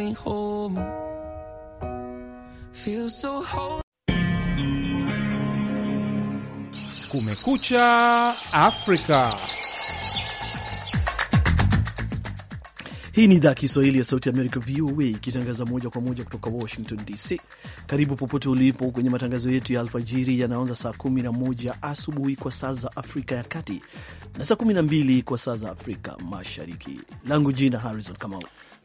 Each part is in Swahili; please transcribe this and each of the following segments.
me hold me feel so Kumekucha Afrika. Hii ni idhaa Kiswahili ya Sauti ya Amerika, VOA, ikitangaza moja kwa moja kutoka Washington DC. Karibu popote ulipo kwenye matangazo yetu ya alfajiri yanaanza saa 11 asubuhi kwa saa za Afrika ya Kati na saa 12 kwa saa za Afrika Mashariki. Langu jina Harrison Kamau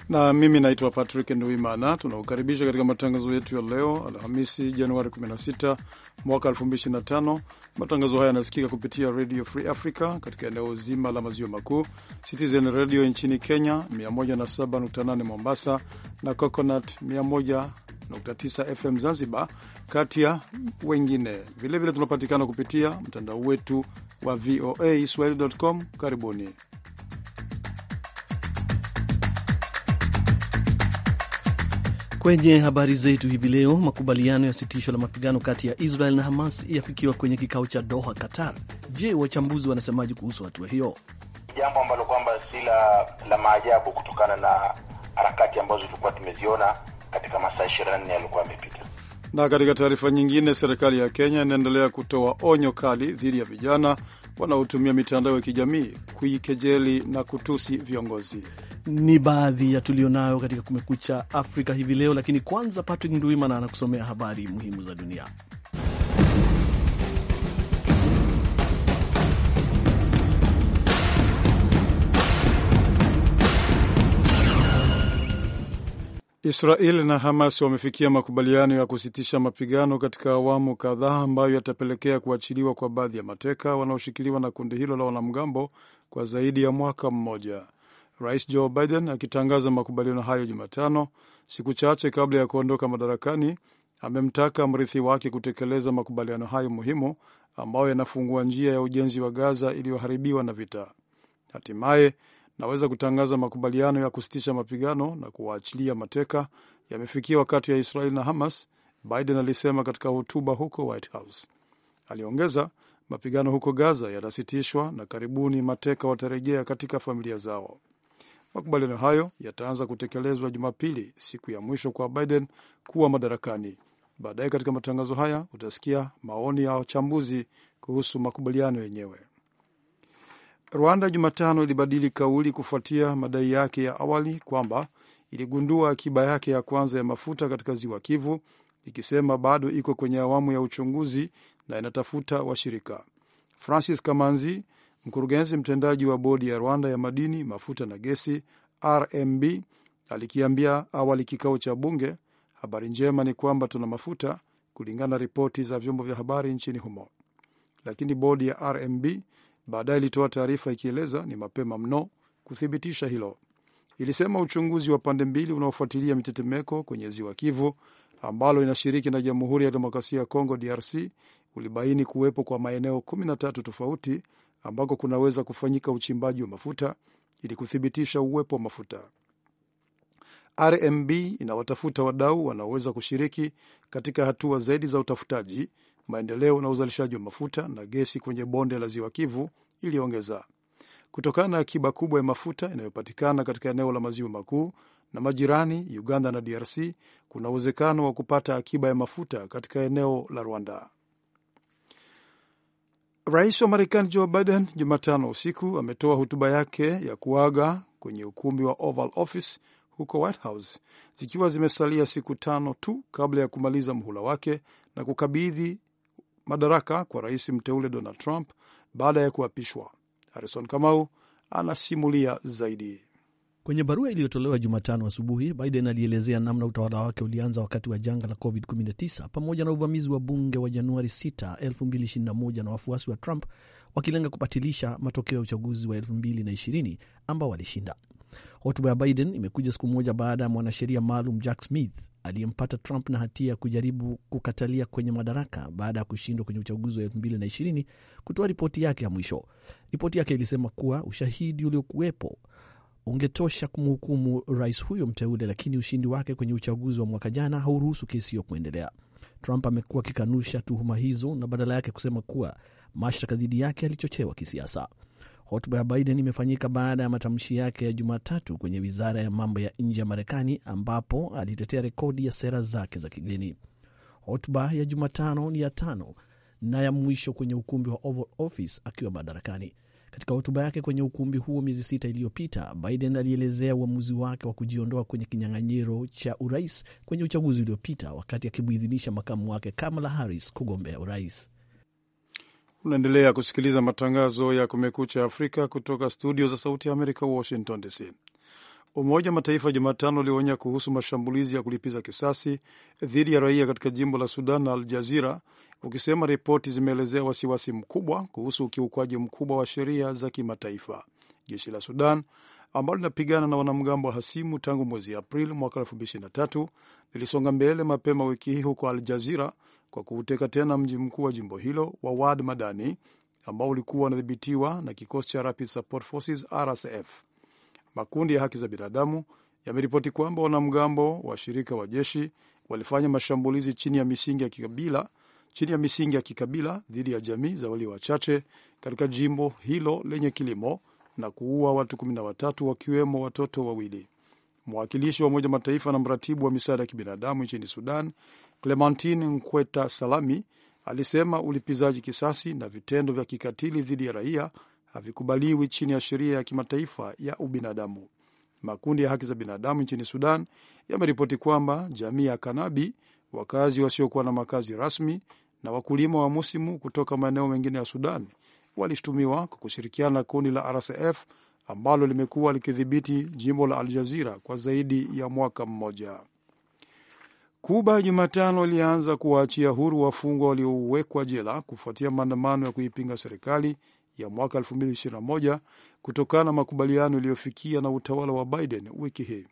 na mimi naitwa Patrick Nduimana. Tunakukaribisha katika matangazo yetu ya leo Alhamisi, Januari 16 mwaka 2025. Matangazo haya yanasikika kupitia Radio Free Africa katika eneo zima la maziwa makuu, Citizen Radio nchini Kenya 107.8 Mombasa na Coconut 101.9 FM Zanzibar, kati ya wengine. Vilevile tunapatikana kupitia mtandao wetu wa VOA swahili.com. Karibuni. Kwenye habari zetu hivi leo, makubaliano ya sitisho la mapigano kati ya Israel na Hamas yafikiwa kwenye kikao cha Doha, Qatar. Je, wachambuzi wanasemaje kuhusu hatua hiyo? Jambo ambalo kwamba si la maajabu kutokana na harakati ambazo tulikuwa tumeziona katika masaa nne yaliokuwa yamepita. Na katika taarifa nyingine, serikali ya Kenya inaendelea kutoa onyo kali dhidi ya vijana wanaotumia mitandao ya kijamii kuikejeli na kutusi viongozi. Ni baadhi ya tulionayo katika Kumekucha Afrika hivi leo, lakini kwanza Patrick Nduimana anakusomea habari muhimu za dunia. Israel na Hamas wamefikia makubaliano ya kusitisha mapigano katika awamu kadhaa ambayo yatapelekea kuachiliwa kwa baadhi ya mateka wanaoshikiliwa na kundi hilo la wanamgambo kwa zaidi ya mwaka mmoja. Rais Joe Biden akitangaza makubaliano hayo Jumatano, siku chache kabla ya kuondoka madarakani, amemtaka mrithi wake kutekeleza makubaliano hayo muhimu ambayo yanafungua njia ya ujenzi wa Gaza iliyoharibiwa na vita. Hatimaye naweza kutangaza makubaliano ya kusitisha mapigano na kuwaachilia mateka yamefikiwa kati ya Israel na Hamas, Biden alisema katika hotuba huko White House. Aliongeza, mapigano huko Gaza yatasitishwa na karibuni mateka watarejea katika familia zao. Makubaliano hayo yataanza kutekelezwa Jumapili, siku ya mwisho kwa Biden kuwa madarakani. Baadaye katika matangazo haya utasikia maoni ya wachambuzi kuhusu makubaliano yenyewe. Rwanda Jumatano ilibadili kauli kufuatia madai yake ya awali kwamba iligundua akiba yake ya kwanza ya mafuta katika ziwa Kivu, ikisema bado iko kwenye awamu ya uchunguzi na inatafuta washirika. Francis Kamanzi, mkurugenzi mtendaji wa bodi ya Rwanda ya madini, mafuta na gesi RMB, alikiambia awali kikao cha bunge, habari njema ni kwamba tuna mafuta, kulingana na ripoti za vyombo vya habari nchini humo, lakini bodi ya RMB baadaye ilitoa taarifa ikieleza ni mapema mno kuthibitisha hilo. Ilisema uchunguzi wa pande mbili unaofuatilia mitetemeko kwenye ziwa Kivu ambalo inashiriki na Jamhuri ya Demokrasia ya Kongo DRC ulibaini kuwepo kwa maeneo 13 tofauti ambako kunaweza kufanyika uchimbaji wa mafuta ili kuthibitisha uwepo wa mafuta. RMB inawatafuta wadau wanaoweza kushiriki katika hatua zaidi za utafutaji maendeleo na uzalishaji wa mafuta na gesi kwenye bonde la ziwa Kivu, iliongeza. Kutokana na akiba kubwa ya mafuta inayopatikana katika eneo la maziwa makuu na majirani Uganda na DRC, kuna uwezekano wa kupata akiba ya mafuta katika eneo la Rwanda. Rais wa Marekani Joe Biden Jumatano usiku ametoa hotuba yake ya kuaga kwenye ukumbi wa Oval Office huko White House, zikiwa zimesalia siku tano tu kabla ya kumaliza mhula wake na kukabidhi madaraka kwa rais mteule Donald Trump baada ya kuapishwa. Harrison Kamau anasimulia zaidi. Kwenye barua iliyotolewa Jumatano asubuhi, Biden alielezea namna utawala wake ulianza wakati wa janga la COVID-19 pamoja na uvamizi wa bunge wa Januari 6, 2021 na wafuasi wa Trump wakilenga kubatilisha matokeo ya uchaguzi wa 2020 ambao walishinda. Hotuba ya Biden imekuja siku moja baada ya mwanasheria maalum Jack Smith aliyempata Trump na hatia ya kujaribu kukatalia kwenye madaraka baada ya kushindwa kwenye uchaguzi wa 2020 kutoa ripoti yake ya mwisho. Ripoti yake ilisema kuwa ushahidi uliokuwepo ungetosha kumhukumu rais huyo mteule, lakini ushindi wake kwenye uchaguzi wa mwaka jana hauruhusu kesi hiyo kuendelea. Trump amekuwa akikanusha tuhuma hizo na badala yake kusema kuwa mashtaka dhidi yake yalichochewa kisiasa. Hotuba ya Biden imefanyika baada ya matamshi yake ya Jumatatu kwenye wizara ya mambo ya nje ya Marekani, ambapo alitetea rekodi ya sera zake za kigeni. Hotuba ya Jumatano ni ya tano na ya mwisho kwenye ukumbi wa Oval Office akiwa madarakani. Katika hotuba yake kwenye ukumbi huo miezi sita iliyopita, Biden alielezea uamuzi wake wa kujiondoa kwenye kinyang'anyiro cha urais kwenye uchaguzi uliopita, wakati akimwidhinisha makamu wake Kamala Harris kugombea urais. Unaendelea kusikiliza matangazo ya Kumekucha Afrika kutoka studio za Sauti ya Amerika, Washington DC. Umoja wa Mataifa Jumatano ulionya kuhusu mashambulizi ya kulipiza kisasi dhidi ya raia katika jimbo la Sudan na Al Jazira, ukisema ripoti zimeelezea wasiwasi mkubwa kuhusu ukiukwaji mkubwa wa sheria za kimataifa. Jeshi la Sudan ambalo linapigana na wanamgambo wa hasimu tangu mwezi Aprili mwaka 2023 lilisonga mbele mapema wiki hii huko Al Jazira kwa kuuteka tena mji mkuu wa jimbo hilo wa Wad Madani ambao ulikuwa unadhibitiwa na kikosi cha Rapid Support Forces RSF. Makundi ya haki za binadamu yameripoti kwamba wanamgambo wa shirika wa jeshi walifanya mashambulizi chini ya misingi ya kikabila chini ya misingi ya kikabila dhidi ya jamii za walio wachache katika jimbo hilo lenye kilimo na kuua watu 13 wakiwemo watoto wawili. Mwakilishi wa Umoja Mataifa na mratibu wa misaada ya kibinadamu nchini Sudan Clementine Nkweta Salami alisema ulipizaji kisasi na vitendo vya kikatili dhidi ya raia havikubaliwi chini ya sheria ya kimataifa ya ubinadamu. Makundi ya haki za binadamu nchini Sudan yameripoti kwamba jamii ya Kanabi, wakazi wasiokuwa na makazi rasmi na wakulima wa musimu kutoka maeneo mengine ya Sudan walishtumiwa kwa kushirikiana na kundi la RSF ambalo limekuwa likidhibiti jimbo la Aljazira kwa zaidi ya mwaka mmoja. Kuba Jumatano ilianza kuwaachia huru wafungwa waliowekwa jela kufuatia maandamano ya kuipinga serikali ya mwaka 2021 kutokana na makubaliano yaliyofikia na utawala wa Biden wiki hii.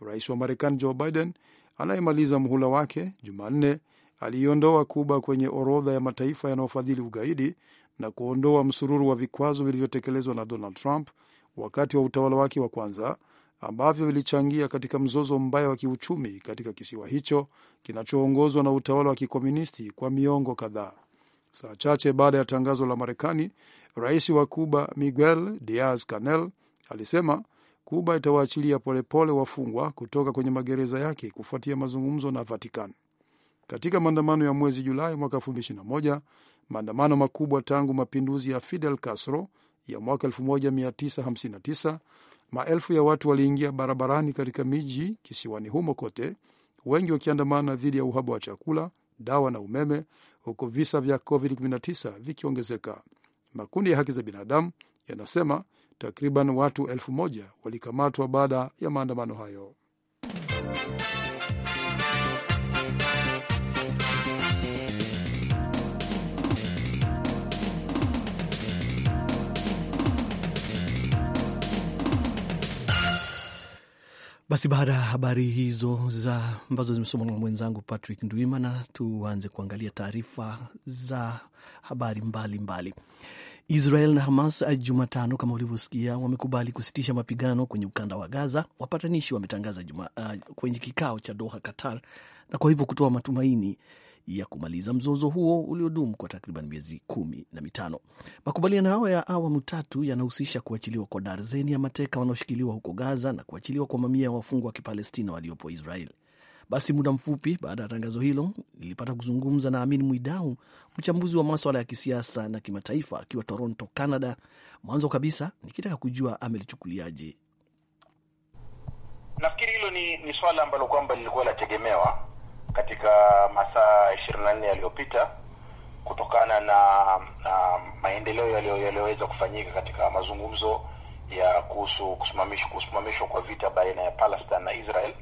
Rais wa Marekani Joe Biden anayemaliza muhula wake Jumanne aliiondoa Kuba kwenye orodha ya mataifa yanayofadhili ugaidi na kuondoa msururu wa vikwazo vilivyotekelezwa na Donald Trump wakati wa utawala wake wa kwanza ambavyo vilichangia katika mzozo mbaya wa kiuchumi katika kisiwa hicho kinachoongozwa na utawala wa kikomunisti kwa miongo kadhaa. Saa chache baada ya tangazo la Marekani, rais wa kuba Miguel Diaz Canel alisema Kuba itawaachilia polepole wafungwa kutoka kwenye magereza yake kufuatia mazungumzo na Vatikani. Katika maandamano ya mwezi Julai mwaka 2021, maandamano makubwa tangu mapinduzi ya Fidel Castro ya mwaka 1959 Maelfu ya watu waliingia barabarani katika miji kisiwani humo kote, wengi wakiandamana dhidi ya uhaba wa chakula, dawa na umeme, huku visa vya COVID-19 vikiongezeka. Makundi ya haki za binadamu yanasema takriban watu elfu moja walikamatwa baada ya maandamano hayo. Basi baada ya habari hizo za ambazo zimesomwa na mwenzangu Patrick Ndwimana, tuanze kuangalia taarifa za habari mbalimbali mbali. Israel na Hamas Jumatano, kama ulivyosikia, wamekubali kusitisha mapigano kwenye ukanda wa Gaza, wapatanishi wametangaza uh, kwenye kikao cha Doha, Qatar, na kwa hivyo kutoa matumaini ya kumaliza mzozo huo uliodumu kwa takriban miezi kumi na mitano. Makubaliano hayo ya awamu tatu yanahusisha kuachiliwa kwa darzeni ya mateka wanaoshikiliwa huko Gaza na kuachiliwa kwa mamia ya wafungwa wa Kipalestina waliopo Israel. Basi muda mfupi baada ya tangazo hilo nilipata kuzungumza na Amin Mwidau, mchambuzi wa maswala ya kisiasa na kimataifa, akiwa Toronto, Canada. Mwanzo kabisa nikitaka kujua amelichukuliaje. Nafikiri hilo ni, ni swala ambalo kwamba lilikuwa lategemewa katika masaa ishirini na nne yaliyopita kutokana na, na maendeleo yaliyoweza kufanyika katika mazungumzo ya kuhusu kusimamishwa kwa vita baina ya Palestine na Israel.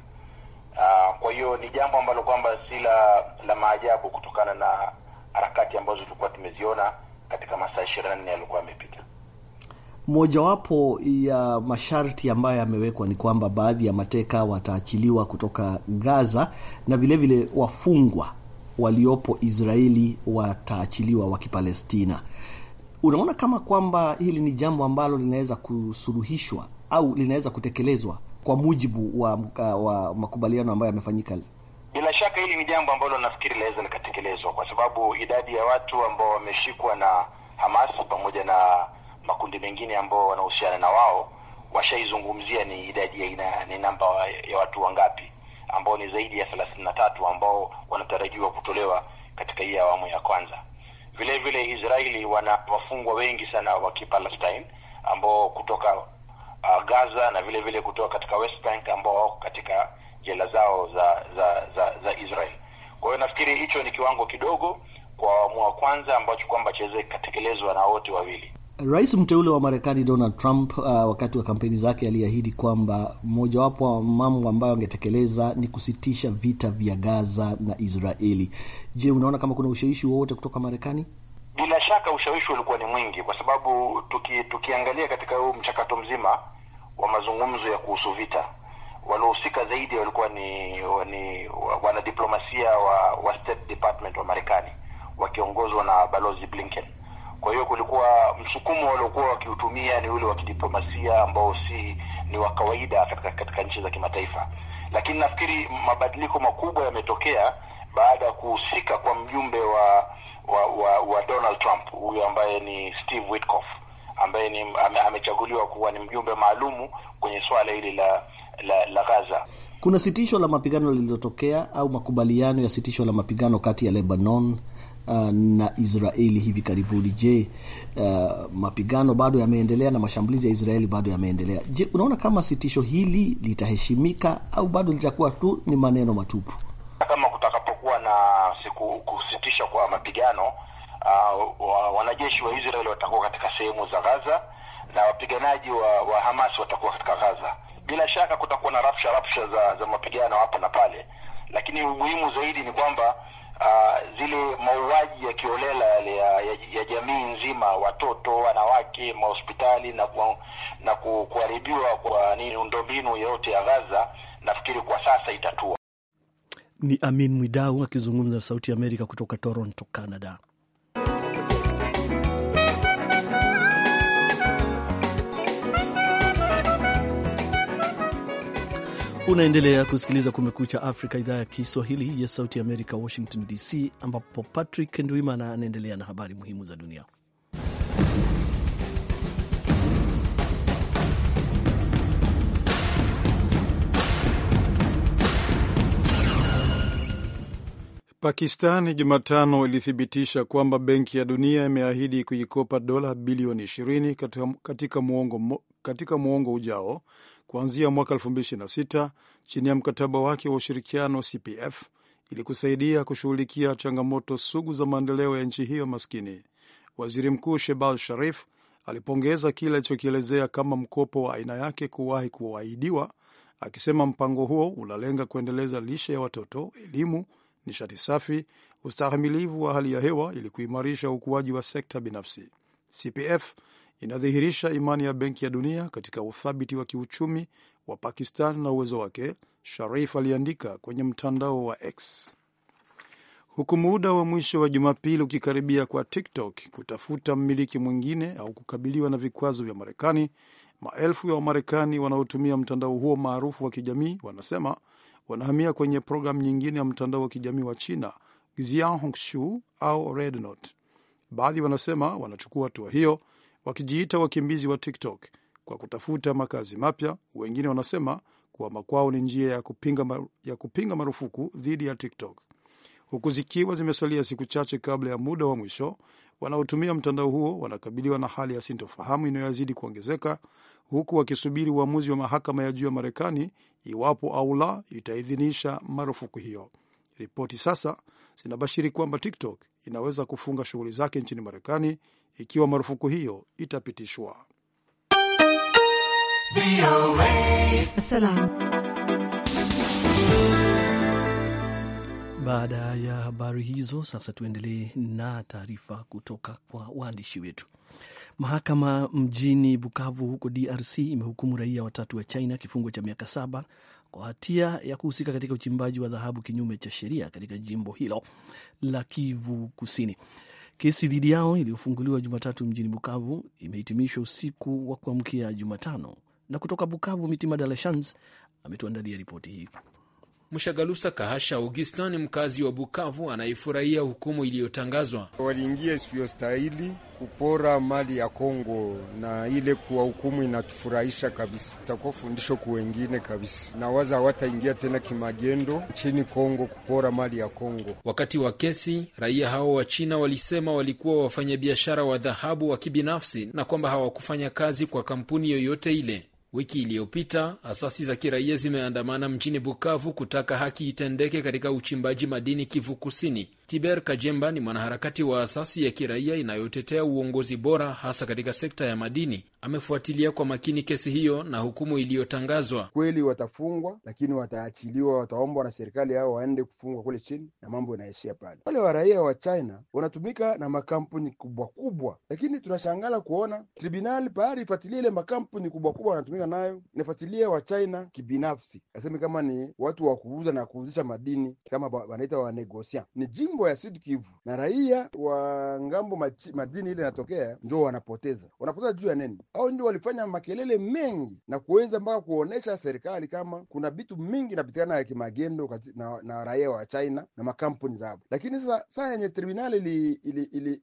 Uh, kwa hiyo ni jambo ambalo kwamba si la la maajabu kutokana na harakati ambazo tulikuwa tumeziona katika masaa ishirini na nne yaliokuwa yamepita mojawapo ya masharti ambayo yamewekwa ni kwamba baadhi ya mateka wataachiliwa kutoka Gaza na vilevile vile wafungwa waliopo Israeli wataachiliwa wa Kipalestina. Unaona kama kwamba hili ni jambo ambalo linaweza kusuluhishwa au linaweza kutekelezwa kwa mujibu wa, wa makubaliano ambayo yamefanyika? Bila shaka hili ni jambo ambalo nafikiri linaweza likatekelezwa, kwa sababu idadi ya watu ambao wameshikwa na Hamas pamoja na makundi mengine ambao wanahusiana na wao washaizungumzia ni idadi ya ina, ni namba ya watu wangapi ambao ni zaidi ya thelathini na tatu ambao wanatarajiwa kutolewa katika hii awamu ya kwanza. Vile vile Israeli wana wafungwa wengi sana wa Kipalestine ambao kutoka uh, Gaza na vile vile kutoka katika West Bank ambao wako katika jela zao za za za, za Israel. Kwa hiyo nafikiri hicho ni kiwango kidogo kwa awamu wa kwanza ambacho kwamba chaweze kutekelezwa na wote wawili. Rais mteule wa Marekani Donald Trump uh, wakati wa kampeni zake aliahidi kwamba mmojawapo wa mambo ambayo angetekeleza ni kusitisha vita vya Gaza na Israeli. Je, unaona kama kuna ushawishi wowote kutoka Marekani? Bila shaka ushawishi ulikuwa ni mwingi, kwa sababu tuki, tukiangalia katika huu mchakato mzima wa mazungumzo ya kuhusu vita, waliohusika zaidi walikuwa ni, ni wanadiplomasia wa, wa State Department wa Marekani wakiongozwa na balozi Blinken kwa hiyo kulikuwa msukumo waliokuwa wakiutumia ni ule wa kidiplomasia ambao si ni wa kawaida katika, katika nchi za kimataifa, lakini nafikiri mabadiliko makubwa yametokea baada ya kuhusika kwa mjumbe wa wa, wa wa Donald Trump huyu ambaye ni Steve Witkoff ambaye ni amechaguliwa kuwa ni mjumbe maalumu kwenye swala hili la, la, la Gaza. Kuna sitisho la mapigano lililotokea au makubaliano ya sitisho la mapigano kati ya Lebanon uh, na Israeli hivi karibuni. Je, uh, mapigano bado yameendelea na mashambulizi ya Israeli bado yameendelea. Je, unaona kama sitisho hili litaheshimika au bado litakuwa tu ni maneno matupu? Kama kutakapokuwa na siku kusitisha kwa mapigano uh, wanajeshi wa Israeli watakuwa katika sehemu za Gaza na wapiganaji wa, wa Hamas watakuwa katika Gaza. Bila shaka kutakuwa na rafsha rafsha za, za mapigano hapa na pale, lakini umuhimu zaidi ni kwamba uh, zile mauaji ya kiolela yale ya, ya, ya jamii nzima, watoto, wanawake, mahospitali na ku, na ku, kuharibiwa kwa miundombinu yote ya Gaza, nafikiri kwa sasa itatua. Ni Amin Mwidau akizungumza na Sauti ya Amerika kutoka Toronto, Canada. Unaendelea kusikiliza Kumekucha Afrika, idhaa ya Kiswahili ya Sauti ya Amerika, Washington DC, ambapo Patrick Ndwimana anaendelea na habari muhimu za dunia. Pakistan Jumatano ilithibitisha kwamba Benki ya Dunia imeahidi kuikopa dola bilioni 20 katika muongo, katika muongo ujao kuanzia mwaka 2026 chini ya mkataba wake wa ushirikiano CPF ili kusaidia kushughulikia changamoto sugu za maendeleo ya nchi hiyo maskini. Waziri Mkuu Shebal Sharif alipongeza kile alichokielezea kama mkopo wa aina yake kuwahi kuahidiwa, akisema mpango huo unalenga kuendeleza lishe ya watoto, elimu, nishati safi, ustahimilivu wa hali ya hewa ili kuimarisha ukuaji wa sekta binafsi. CPF inadhihirisha imani ya Benki ya Dunia katika uthabiti wa kiuchumi wa Pakistan na uwezo wake, Sharif aliandika kwenye mtandao wa X. Huku muda wa mwisho wa Jumapili ukikaribia kwa TikTok kutafuta mmiliki mwingine au kukabiliwa na vikwazo vya Marekani, maelfu ya Wamarekani wanaotumia mtandao huo maarufu wa kijamii wanasema wanahamia kwenye programu nyingine ya mtandao wa kijamii wa China, Xiaohongshu au Red Baadhi wanasema wanachukua hatua hiyo wakijiita wakimbizi wa TikTok kwa kutafuta makazi mapya. Wengine wanasema kuwa makwao ni njia ya kupinga, mar ya kupinga marufuku dhidi ya TikTok, huku zikiwa zimesalia siku chache kabla ya muda wa mwisho. Wanaotumia mtandao huo wanakabiliwa na hali ya sintofahamu inayozidi kuongezeka huku wakisubiri uamuzi wa mahakama ya juu ya Marekani iwapo au la itaidhinisha marufuku hiyo. Ripoti sasa zinabashiri kwamba TikTok inaweza kufunga shughuli zake nchini Marekani ikiwa marufuku hiyo itapitishwa. Baada ya habari hizo, sasa tuendelee na taarifa kutoka kwa waandishi wetu. Mahakama mjini Bukavu huko DRC imehukumu raia watatu wa China kifungo cha miaka saba kwa hatia ya kuhusika katika uchimbaji wa dhahabu kinyume cha sheria katika jimbo hilo la Kivu Kusini. Kesi dhidi yao iliyofunguliwa Jumatatu mjini Bukavu imehitimishwa usiku wa kuamkia Jumatano. Na kutoka Bukavu, Mitima ametuandalia ripoti hii. Mshagalusa Kahasha Augustin ni mkazi wa Bukavu anayefurahia hukumu iliyotangazwa. Waliingia isiyostahili kupora mali ya Kongo na ile kuwa hukumu inatufurahisha kabisa, itakuwa fundisho kwa wengine kabisa, na waza hawataingia tena kimagendo nchini Kongo kupora mali ya Kongo. Wakati wa kesi, raia hao wa China walisema walikuwa wafanyabiashara wa dhahabu wa kibinafsi na kwamba hawakufanya kazi kwa kampuni yoyote ile. Wiki iliyopita asasi za kiraia zimeandamana mjini Bukavu kutaka haki itendeke katika uchimbaji madini Kivu Kusini. Tiber Kajemba ni mwanaharakati wa asasi ya kiraia inayotetea uongozi bora hasa katika sekta ya madini. Amefuatilia kwa makini kesi hiyo na hukumu iliyotangazwa. Kweli watafungwa, lakini wataachiliwa, wataombwa na serikali yao waende kufungwa kule chini na mambo inaishia pale. Wale wa raia wa China wanatumika na makampuni kubwa kubwa, lakini tunashangala kuona tribunali pahali ifuatilia ile makampuni kubwa kubwa wanatumika nayo, inafuatilia wa China kibinafsi, aseme kama ni watu wa kuuza na kuuzisha madini, kama wanaita wanegosia ni jimbo majimbo ya Sud Kivu na raia wa ngambo machi, madini ile inatokea ndio wanapoteza. Wanapoteza juu ya nini? Au ndio walifanya makelele mengi na kuweza mpaka kuonesha serikali kama kuna vitu mingi inapitikana ya kimagendo na, na raia wa China na makampuni zao. Lakini sasa saa yenye tribunali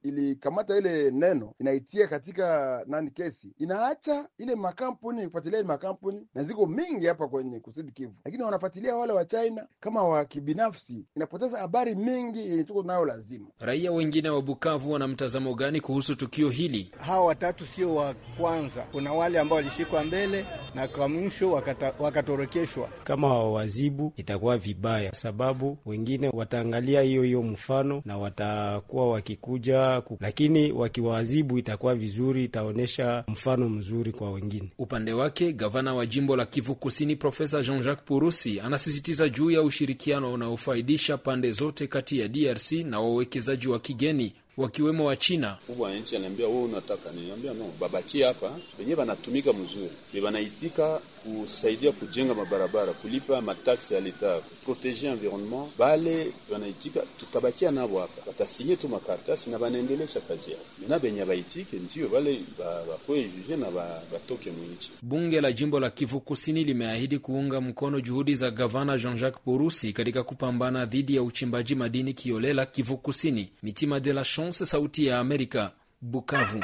ilikamata ili, ili, ili ile neno inaitia katika nani kesi inaacha ile makampuni kufuatilia ile makampuni na ziko mingi hapa kwenye kusudi Kivu, lakini wanafuatilia wale wa China kama wa kibinafsi, inapoteza habari mingi tuko nayo lazima. Raia wengine wa Bukavu wana mtazamo gani kuhusu tukio hili? Hawa watatu sio wa kwanza, kuna wale ambao walishikwa mbele na kwa mwisho wakatorokeshwa. Kama wawazibu itakuwa vibaya, sababu wengine wataangalia hiyo hiyo mfano na watakuwa wakikuja ku... lakini wakiwazibu itakuwa vizuri, itaonyesha mfano mzuri kwa wengine. Upande wake gavana wa jimbo la Kivu Kusini Profesa Jean Jacques Purusi anasisitiza juu ya ushirikiano unaofaidisha pande zote kati ya DRC na wawekezaji wa kigeni wakiwemo wa China. Kubwa ya nchi ananiambia wewe unataka nini? Niambia no, babaki hapa. Wenye wanatumika mzuri, ni wanaitika kusaidia kujenga mabarabara, kulipa mataksi ya leta, kuproteje environnement. Bale wanaitika tutabakia nabo hapa, watasinye tu makaratasi na wanaendelesha kazi yao. Mena benye baitike ndio wale bakwe juje na batoke mwinchi. Bunge la jimbo la Kivu Kusini limeahidi kuunga mkono juhudi za gavana Jean-Jacques Porusi katika kupambana dhidi ya uchimbaji madini kiolela Kivu Kusini. Mitima de la Chon Jones, Sauti ya Amerika, Bukavu.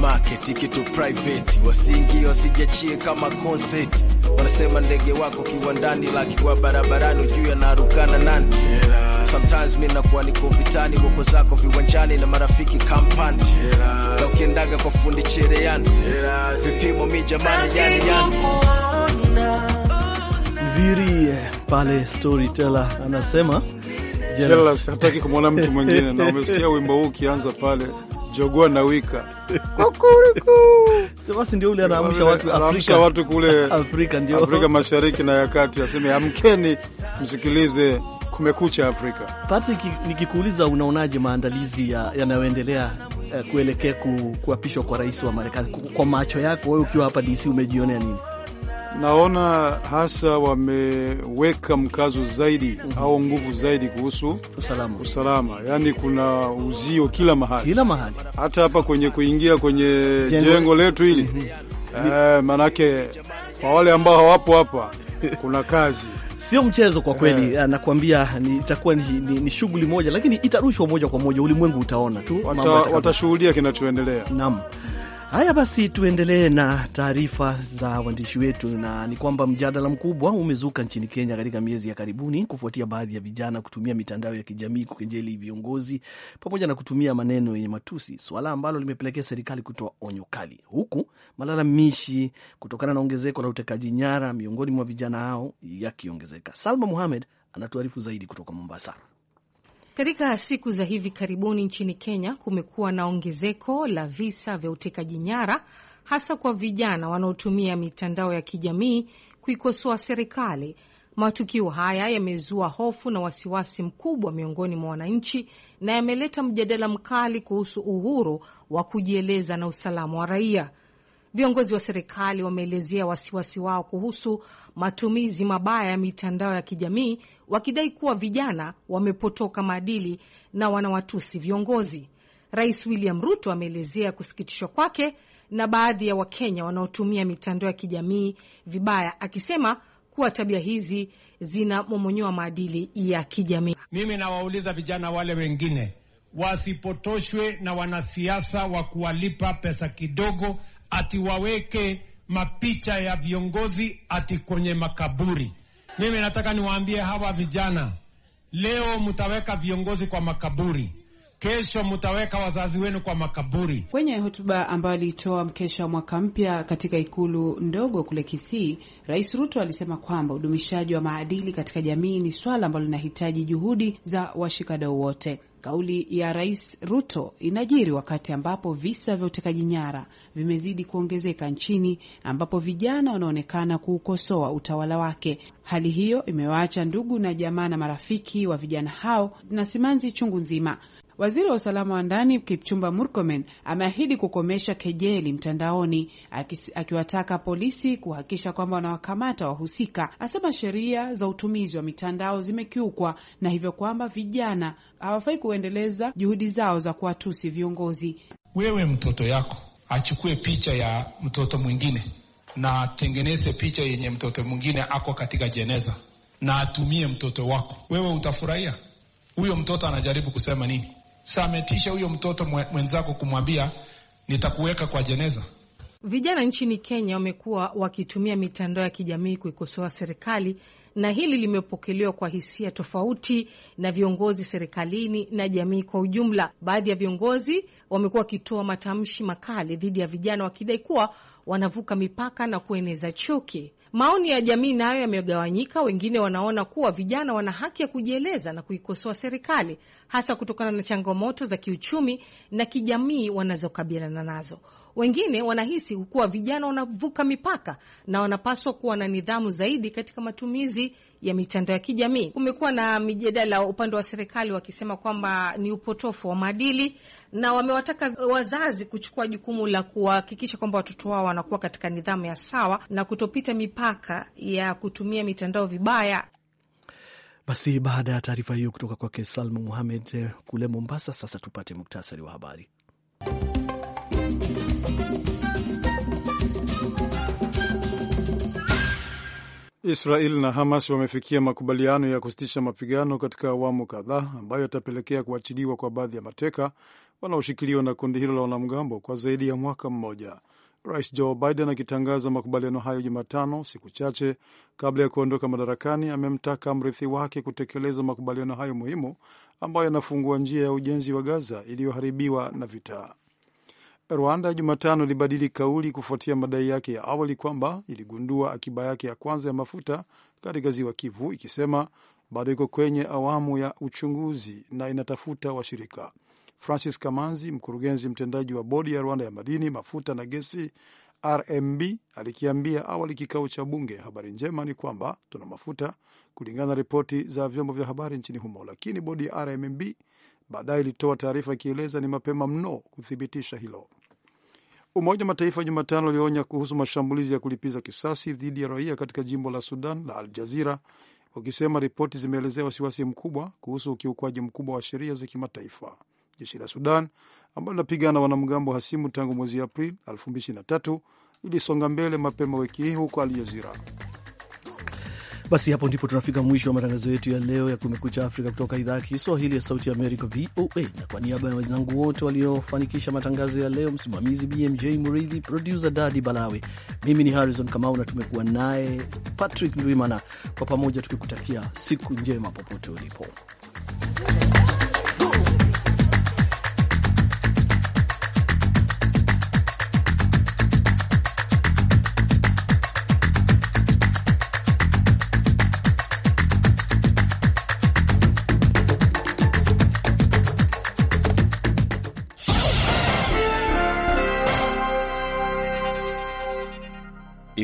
market kitu private, wasingi wasijachie kama concert. Wanasema ndege wako kiwandani, laki kwa barabarani, juu yanarukana nani? Sometimes mi nakuwa niko vitani, huko zako viwanjani na marafiki kampani, na ukiendaga kwa fundi chereani, vipimo mi jamani, yani yani Viri eh, pale storyteller anasema hataki kumwona mtu mwingine, na umesikia wimbo huu ukianza pale jogua na wika basi ndio ule anaamsha watu Afrika, watu kule Afrika, ndio Afrika Mashariki na ya Kati, aseme amkeni, msikilize Kumekucha Afrika. Patrick, nikikuuliza unaonaje maandalizi yanayoendelea ya eh, kuelekea kuapishwa kwa rais wa Marekani, kwa macho yako wewe ukiwa hapa DC umejionea nini? naona hasa wameweka mkazo zaidi mm -hmm. au nguvu zaidi kuhusu usalama, usalama. Yaani kuna uzio kila mahali, kila mahali, hata hapa kwenye kuingia kwenye jengo, jengo letu hili mm -hmm. eh, manake kwa wale ambao hawapo hapa kuna kazi sio mchezo kwa kweli yeah. Nakuambia itakuwa ni, ni, ni shughuli moja, lakini itarushwa moja kwa moja, ulimwengu utaona tu, watashuhudia wata kinachoendelea. Naam. Haya basi, tuendelee na taarifa za waandishi wetu, na ni kwamba mjadala mkubwa umezuka nchini Kenya katika miezi ya karibuni kufuatia baadhi ya vijana kutumia mitandao ya kijamii kukejeli viongozi pamoja na kutumia maneno yenye matusi, suala ambalo limepelekea serikali kutoa onyo kali, huku malalamishi kutokana na ongezeko la utekaji nyara miongoni mwa vijana hao yakiongezeka. Salma Muhamed anatuarifu zaidi kutoka Mombasa. Katika siku za hivi karibuni nchini Kenya kumekuwa na ongezeko la visa vya utekaji nyara, hasa kwa vijana wanaotumia mitandao ya kijamii kuikosoa serikali. Matukio haya yamezua hofu na wasiwasi mkubwa miongoni mwa wananchi na yameleta mjadala mkali kuhusu uhuru wa kujieleza na usalama wa raia. Viongozi wa serikali wameelezea wasiwasi wao kuhusu matumizi mabaya ya mitandao ya kijamii, wakidai kuwa vijana wamepotoka maadili na wanawatusi viongozi. Rais William Ruto ameelezea kusikitishwa kwake na baadhi ya Wakenya wanaotumia mitandao ya kijamii vibaya, akisema kuwa tabia hizi zinamomonyoa maadili ya kijamii. Mimi nawauliza vijana wale wengine wasipotoshwe na wanasiasa wa kuwalipa pesa kidogo ati waweke mapicha ya viongozi ati kwenye makaburi. Mimi nataka niwaambie hawa vijana leo, mtaweka viongozi kwa makaburi kesho mutaweka wazazi wenu kwa makaburi. Kwenye hotuba ambayo aliitoa mkesha wa mwaka mpya katika ikulu ndogo kule Kisii, Rais Ruto alisema kwamba udumishaji wa maadili katika jamii ni swala ambalo linahitaji juhudi za washikadau wote. Kauli ya Rais Ruto inajiri wakati ambapo visa vya utekaji nyara vimezidi kuongezeka nchini, ambapo vijana wanaonekana kuukosoa utawala wake. Hali hiyo imewaacha ndugu na jamaa na marafiki wa vijana hao na simanzi chungu nzima. Waziri wa usalama wa ndani Kipchumba Murkomen ameahidi kukomesha kejeli mtandaoni, akiwataka polisi kuhakikisha kwamba wanawakamata wahusika. Asema sheria za utumizi wa mitandao zimekiukwa na hivyo kwamba vijana hawafai kuendeleza juhudi zao za kuwatusi viongozi. Wewe mtoto yako achukue picha ya mtoto mwingine na atengeneze picha yenye mtoto mwingine ako katika jeneza na atumie mtoto wako, wewe utafurahia? Huyo mtoto anajaribu kusema nini? Sasa ametisha huyo mtoto mwenzako kumwambia nitakuweka kwa jeneza. Vijana nchini Kenya wamekuwa wakitumia mitandao ya kijamii kuikosoa serikali na hili limepokelewa kwa hisia tofauti na viongozi serikalini na jamii kwa ujumla. Baadhi ya viongozi wamekuwa wakitoa matamshi makali dhidi ya vijana wakidai kuwa wanavuka mipaka na kueneza chuki. Maoni ya jamii nayo yamegawanyika. Wengine wanaona kuwa vijana wana haki ya kujieleza na kuikosoa serikali, hasa kutokana na changamoto za kiuchumi na kijamii wanazokabiliana nazo. Wengine wanahisi kuwa vijana wanavuka mipaka na wanapaswa kuwa na nidhamu zaidi katika matumizi ya mitandao ya kijamii. Kumekuwa na mijadala upande wa serikali wakisema kwamba ni upotofu wa maadili, na wamewataka wazazi kuchukua jukumu la kuhakikisha kwamba watoto wao wanakuwa katika nidhamu ya sawa na kutopita mipaka ya kutumia mitandao vibaya. Basi baada ya taarifa hiyo kutoka kwake Salma Muhamed eh, kule Mombasa, sasa tupate muktasari wa habari. Israel na Hamas wamefikia makubaliano ya kusitisha mapigano katika awamu kadhaa ambayo yatapelekea kuachiliwa kwa baadhi ya mateka wanaoshikiliwa na kundi hilo la wanamgambo kwa zaidi ya mwaka mmoja. Rais Joe Biden akitangaza makubaliano hayo Jumatano, siku chache kabla ya kuondoka madarakani, amemtaka mrithi wake kutekeleza makubaliano hayo muhimu ambayo yanafungua njia ya ujenzi wa Gaza iliyoharibiwa na vita. Rwanda Jumatano ilibadili kauli kufuatia madai yake ya awali kwamba iligundua akiba yake ya kwanza ya mafuta katika ziwa Kivu, ikisema bado iko kwenye awamu ya uchunguzi na inatafuta washirika. Francis Kamanzi, mkurugenzi mtendaji wa bodi ya Rwanda ya madini, mafuta na gesi RMB, alikiambia awali kikao cha bunge, habari njema ni kwamba tuna mafuta kulingana na ripoti za vyombo vya habari nchini humo, lakini bodi ya RMB baadaye ilitoa taarifa ikieleza ni mapema mno kuthibitisha hilo. Umoja wa Mataifa Jumatano ulionya kuhusu mashambulizi ya kulipiza kisasi dhidi ya raia katika jimbo la Sudan la Al Jazira, ukisema ripoti zimeelezea wasiwasi mkubwa kuhusu ukiukwaji mkubwa wa sheria za kimataifa. Jeshi la Sudan ambalo linapigana wanamgambo hasimu tangu mwezi Aprili 2023 ilisonga mbele mapema wiki hii huko Al Jazira. Basi hapo ndipo tunafika mwisho wa matangazo yetu ya leo ya Kumekucha Afrika kutoka idhaa ya Kiswahili ya Sauti ya Amerika, VOA. Na kwa niaba ya wenzangu wote waliofanikisha matangazo ya leo, msimamizi BMJ Muridhi, produsa Dadi Balawe, mimi ni Harrison Kamau na tumekuwa naye Patrick Ndwimana, kwa pamoja tukikutakia siku njema popote ulipo.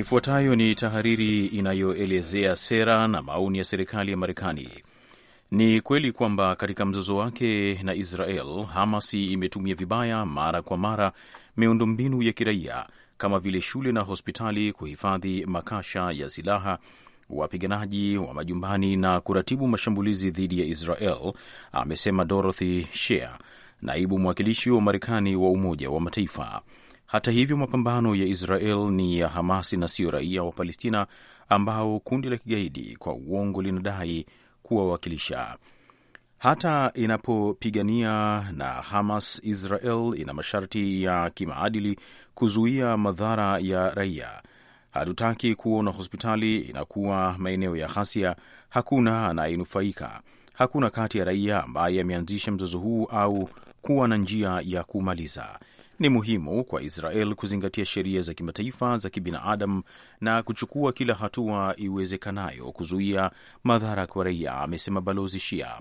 Ifuatayo ni tahariri inayoelezea sera na maoni ya serikali ya Marekani. Ni kweli kwamba katika mzozo wake na Israel, Hamasi imetumia vibaya mara kwa mara miundombinu ya kiraia kama vile shule na hospitali kuhifadhi makasha ya silaha wapiganaji wa majumbani na kuratibu mashambulizi dhidi ya Israel, amesema Dorothy Shea, naibu mwakilishi wa Marekani wa Umoja wa Mataifa. Hata hivyo, mapambano ya Israel ni ya Hamasi na sio raia wa Palestina ambao kundi la kigaidi kwa uongo linadai kuwawakilisha. Hata inapopigania na Hamas, Israel ina masharti ya kimaadili kuzuia madhara ya raia. Hatutaki kuona hospitali inakuwa maeneo ya ghasia. Hakuna anayenufaika, hakuna kati ya raia ambaye ameanzisha mzozo huu au kuwa na njia ya kumaliza. Ni muhimu kwa Israel kuzingatia sheria za kimataifa za kibinadamu na kuchukua kila hatua iwezekanayo kuzuia madhara kwa raia, amesema Balozi Shia.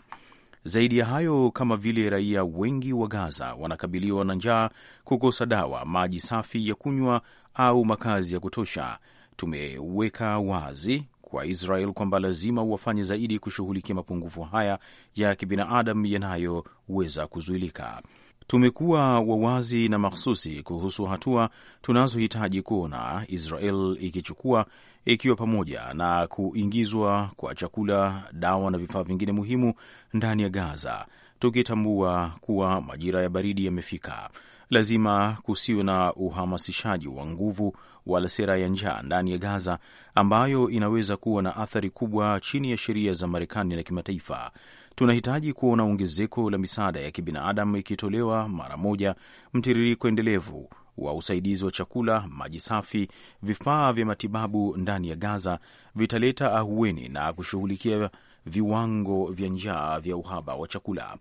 Zaidi ya hayo, kama vile raia wengi wa Gaza wanakabiliwa na njaa, kukosa dawa, maji safi ya kunywa au makazi ya kutosha, tumeweka wazi kwa Israel kwamba lazima wafanye zaidi kushughulikia mapungufu haya ya kibinadamu yanayoweza kuzuilika. Tumekuwa wawazi na mahsusi kuhusu hatua tunazohitaji kuona Israel ikichukua, ikiwa pamoja na kuingizwa kwa chakula, dawa na vifaa vingine muhimu ndani ya Gaza, tukitambua kuwa majira ya baridi yamefika. Lazima kusiwe na uhamasishaji wa nguvu wala sera ya njaa ndani ya Gaza ambayo inaweza kuwa na athari kubwa chini ya sheria za Marekani na kimataifa tunahitaji kuona ongezeko la misaada ya kibinadamu ikitolewa mara moja, mtiririko endelevu wa usaidizi wa chakula, maji safi, vifaa vya matibabu ndani ya Gaza vitaleta ahueni na kushughulikia viwango vya njaa vya uhaba wa chakula.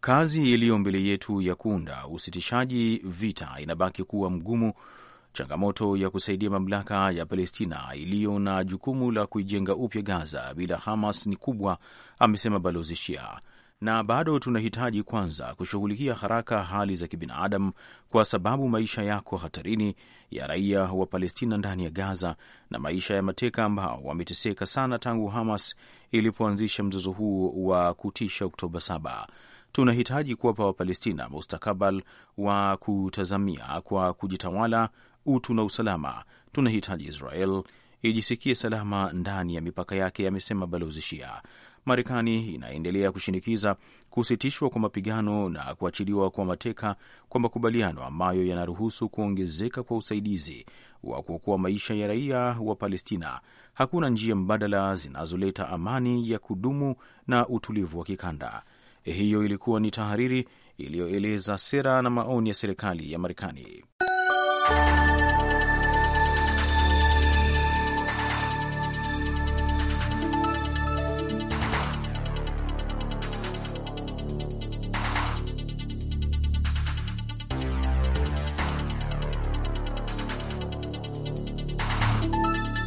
Kazi iliyo mbele yetu ya kuunda usitishaji vita inabaki kuwa mgumu Changamoto ya kusaidia mamlaka ya Palestina iliyo na jukumu la kuijenga upya Gaza bila Hamas ni kubwa, amesema balozi Shia, na bado tunahitaji kwanza kushughulikia haraka hali za kibinadamu, kwa sababu maisha yako hatarini, ya raia wa Palestina ndani ya Gaza na maisha ya mateka ambao wameteseka sana tangu Hamas ilipoanzisha mzozo huu wa kutisha Oktoba 7. Tunahitaji kuwapa Wapalestina mustakabal wa kutazamia kwa kujitawala utu na usalama. Tunahitaji Israel ijisikie salama ndani ya mipaka yake, amesema balozi Shia. Marekani inaendelea kushinikiza kusitishwa kwa mapigano na kuachiliwa kwa mateka kwa makubaliano ambayo yanaruhusu kuongezeka kwa usaidizi wa kuokoa maisha ya raia wa Palestina. Hakuna njia mbadala zinazoleta amani ya kudumu na utulivu wa kikanda. Hiyo ilikuwa ni tahariri iliyoeleza sera na maoni ya serikali ya Marekani. Bye.